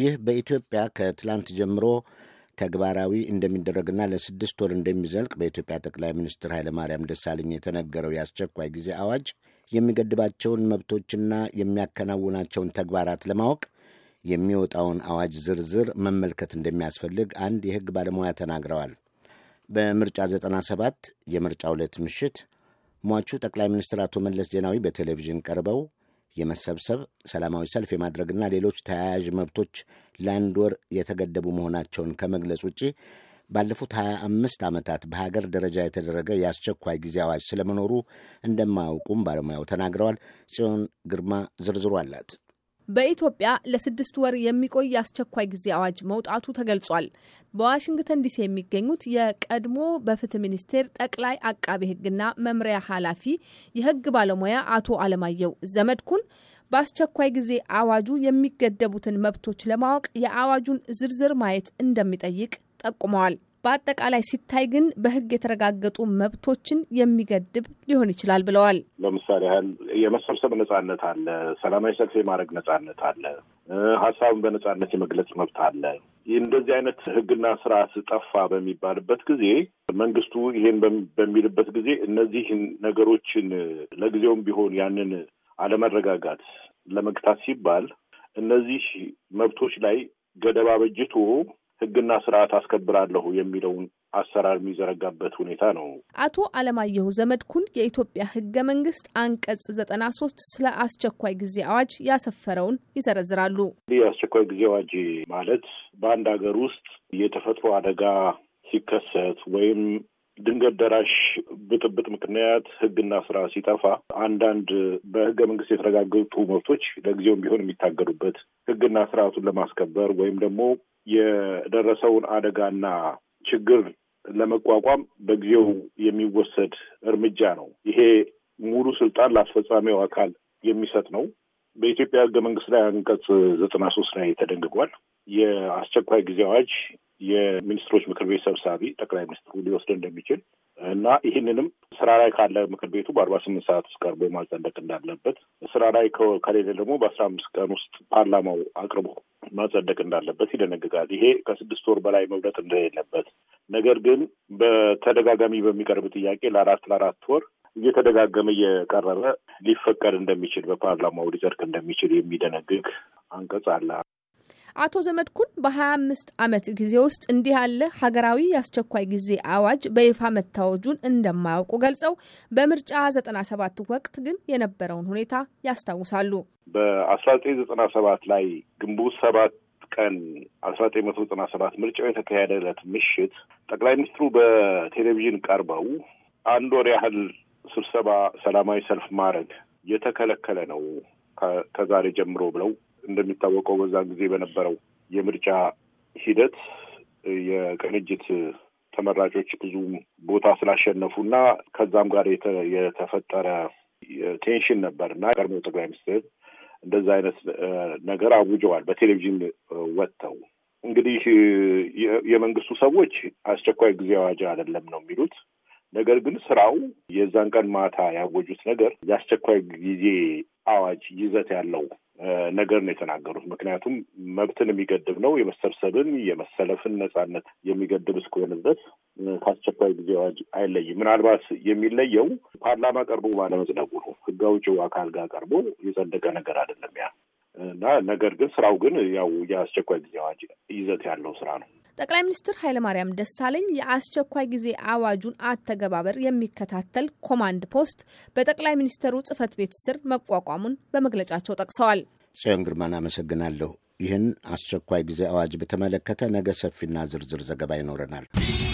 ይህ በኢትዮጵያ ከትላንት ጀምሮ ተግባራዊ እንደሚደረግና ለስድስት ወር እንደሚዘልቅ በኢትዮጵያ ጠቅላይ ሚኒስትር ኃይለማርያም ደሳለኝ የተነገረው የአስቸኳይ ጊዜ አዋጅ የሚገድባቸውን መብቶችና የሚያከናውናቸውን ተግባራት ለማወቅ የሚወጣውን አዋጅ ዝርዝር መመልከት እንደሚያስፈልግ አንድ የሕግ ባለሙያ ተናግረዋል። በምርጫ 97 የምርጫ ዕለት ምሽት ሟቹ ጠቅላይ ሚኒስትር አቶ መለስ ዜናዊ በቴሌቪዥን ቀርበው የመሰብሰብ ሰላማዊ ሰልፍ የማድረግና ሌሎች ተያያዥ መብቶች ለአንድ ወር የተገደቡ መሆናቸውን ከመግለጽ ውጪ ባለፉት 25 ዓመታት በሀገር ደረጃ የተደረገ የአስቸኳይ ጊዜ አዋጅ ስለመኖሩ እንደማያውቁም ባለሙያው ተናግረዋል። ጽዮን ግርማ ዝርዝሩ አላት። በኢትዮጵያ ለስድስት ወር የሚቆይ የአስቸኳይ ጊዜ አዋጅ መውጣቱ ተገልጿል። በዋሽንግተን ዲሲ የሚገኙት የቀድሞ በፍትህ ሚኒስቴር ጠቅላይ አቃቤ ሕግና መምሪያ ኃላፊ የሕግ ባለሙያ አቶ አለማየሁ ዘመድኩን በአስቸኳይ ጊዜ አዋጁ የሚገደቡትን መብቶች ለማወቅ የአዋጁን ዝርዝር ማየት እንደሚጠይቅ ጠቁመዋል። በአጠቃላይ ሲታይ ግን በህግ የተረጋገጡ መብቶችን የሚገድብ ሊሆን ይችላል ብለዋል። ለምሳሌ ያህል የመሰብሰብ ነጻነት አለ፣ ሰላማዊ ሰልፍ የማድረግ ነጻነት አለ፣ ሀሳብን በነጻነት የመግለጽ መብት አለ። እንደዚህ አይነት ህግና ስርዓት ጠፋ በሚባልበት ጊዜ መንግስቱ ይሄን በሚልበት ጊዜ እነዚህ ነገሮችን ለጊዜውም ቢሆን ያንን አለመረጋጋት ለመግታት ሲባል እነዚህ መብቶች ላይ ገደባ በጅቶ ህግና ስርዓት አስከብራለሁ የሚለውን አሰራር የሚዘረጋበት ሁኔታ ነው። አቶ አለማየሁ ዘመድኩን የኢትዮጵያ ህገ መንግስት አንቀጽ ዘጠና ሶስት ስለ አስቸኳይ ጊዜ አዋጅ ያሰፈረውን ይዘረዝራሉ። አስቸኳይ ጊዜ አዋጅ ማለት በአንድ ሀገር ውስጥ የተፈጥሮ አደጋ ሲከሰት ወይም ድንገት ደራሽ ብጥብጥ ምክንያት ህግና ስራ ሲጠፋ አንዳንድ በህገ መንግስት የተረጋገጡ መብቶች ለጊዜውም ቢሆን የሚታገዱበት ህግና ስርዓቱን ለማስከበር ወይም ደግሞ የደረሰውን አደጋና ችግር ለመቋቋም በጊዜው የሚወሰድ እርምጃ ነው። ይሄ ሙሉ ስልጣን ለአስፈጻሚው አካል የሚሰጥ ነው። በኢትዮጵያ ህገ መንግስት ላይ አንቀጽ ዘጠና ሶስት ላይ ተደንግጓል። የአስቸኳይ ጊዜ አዋጅ የሚኒስትሮች ምክር ቤት ሰብሳቢ ጠቅላይ ሚኒስትሩ ሊወስድ እንደሚችል እና ይህንንም ስራ ላይ ካለ ምክር ቤቱ በአርባ ስምንት ሰዓት ውስጥ ቀርቦ ማጸደቅ እንዳለበት፣ ስራ ላይ ከሌለ ደግሞ በአስራ አምስት ቀን ውስጥ ፓርላማው አቅርቦ ማጸደቅ እንዳለበት ይደነግጋል። ይሄ ከስድስት ወር በላይ መብለጥ እንደሌለበት፣ ነገር ግን በተደጋጋሚ በሚቀርብ ጥያቄ ለአራት ለአራት ወር እየተደጋገመ እየቀረበ ሊፈቀድ እንደሚችል በፓርላማው ሊጸድቅ እንደሚችል የሚደነግግ አንቀጽ አለ። አቶ ዘመድኩን በ25 ዓመት ጊዜ ውስጥ እንዲህ ያለ ሀገራዊ የአስቸኳይ ጊዜ አዋጅ በይፋ መታወጁን እንደማያውቁ ገልጸው በምርጫ 97 ወቅት ግን የነበረውን ሁኔታ ያስታውሳሉ። በ1997 ላይ ግንቦት ሰባት ቀን 1997 ዘጠኝ ምርጫው የተካሄደለት ምሽት ጠቅላይ ሚኒስትሩ በቴሌቪዥን ቀርበው አንድ ወር ያህል ስብሰባ፣ ሰላማዊ ሰልፍ ማድረግ የተከለከለ ነው ከዛሬ ጀምሮ ብለው እንደሚታወቀው በዛ ጊዜ በነበረው የምርጫ ሂደት የቅንጅት ተመራጮች ብዙ ቦታ ስላሸነፉ እና ከዛም ጋር የተፈጠረ ቴንሽን ነበር እና ቀድሞ ጠቅላይ ሚኒስትር እንደዛ አይነት ነገር አውጀዋል። በቴሌቪዥን ወጥተው እንግዲህ የመንግስቱ ሰዎች አስቸኳይ ጊዜ አዋጅ አይደለም ነው የሚሉት። ነገር ግን ስራው የዛን ቀን ማታ ያወጁት ነገር የአስቸኳይ ጊዜ አዋጅ ይዘት ያለው ነገር ነው የተናገሩት። ምክንያቱም መብትን የሚገድብ ነው፣ የመሰብሰብን የመሰለፍን ነጻነት የሚገድብ እስከሆነ ድረስ ከአስቸኳይ ጊዜ አዋጅ አይለይም። ምናልባት የሚለየው ፓርላማ ቀርቦ ባለመጽደቁ ነው። ሕግ አውጪው አካል ጋር ቀርቦ የጸደቀ ነገር አይደለም ያ እና ነገር ግን ስራው ግን ያው የአስቸኳይ ጊዜ አዋጅ ይዘት ያለው ስራ ነው። ጠቅላይ ሚኒስትር ኃይለማርያም ደሳለኝ የአስቸኳይ ጊዜ አዋጁን አተገባበር የሚከታተል ኮማንድ ፖስት በጠቅላይ ሚኒስትሩ ጽህፈት ቤት ስር መቋቋሙን በመግለጫቸው ጠቅሰዋል። ጽዮን ግርማን አመሰግናለሁ። ይህን አስቸኳይ ጊዜ አዋጅ በተመለከተ ነገ ሰፊና ዝርዝር ዘገባ ይኖረናል።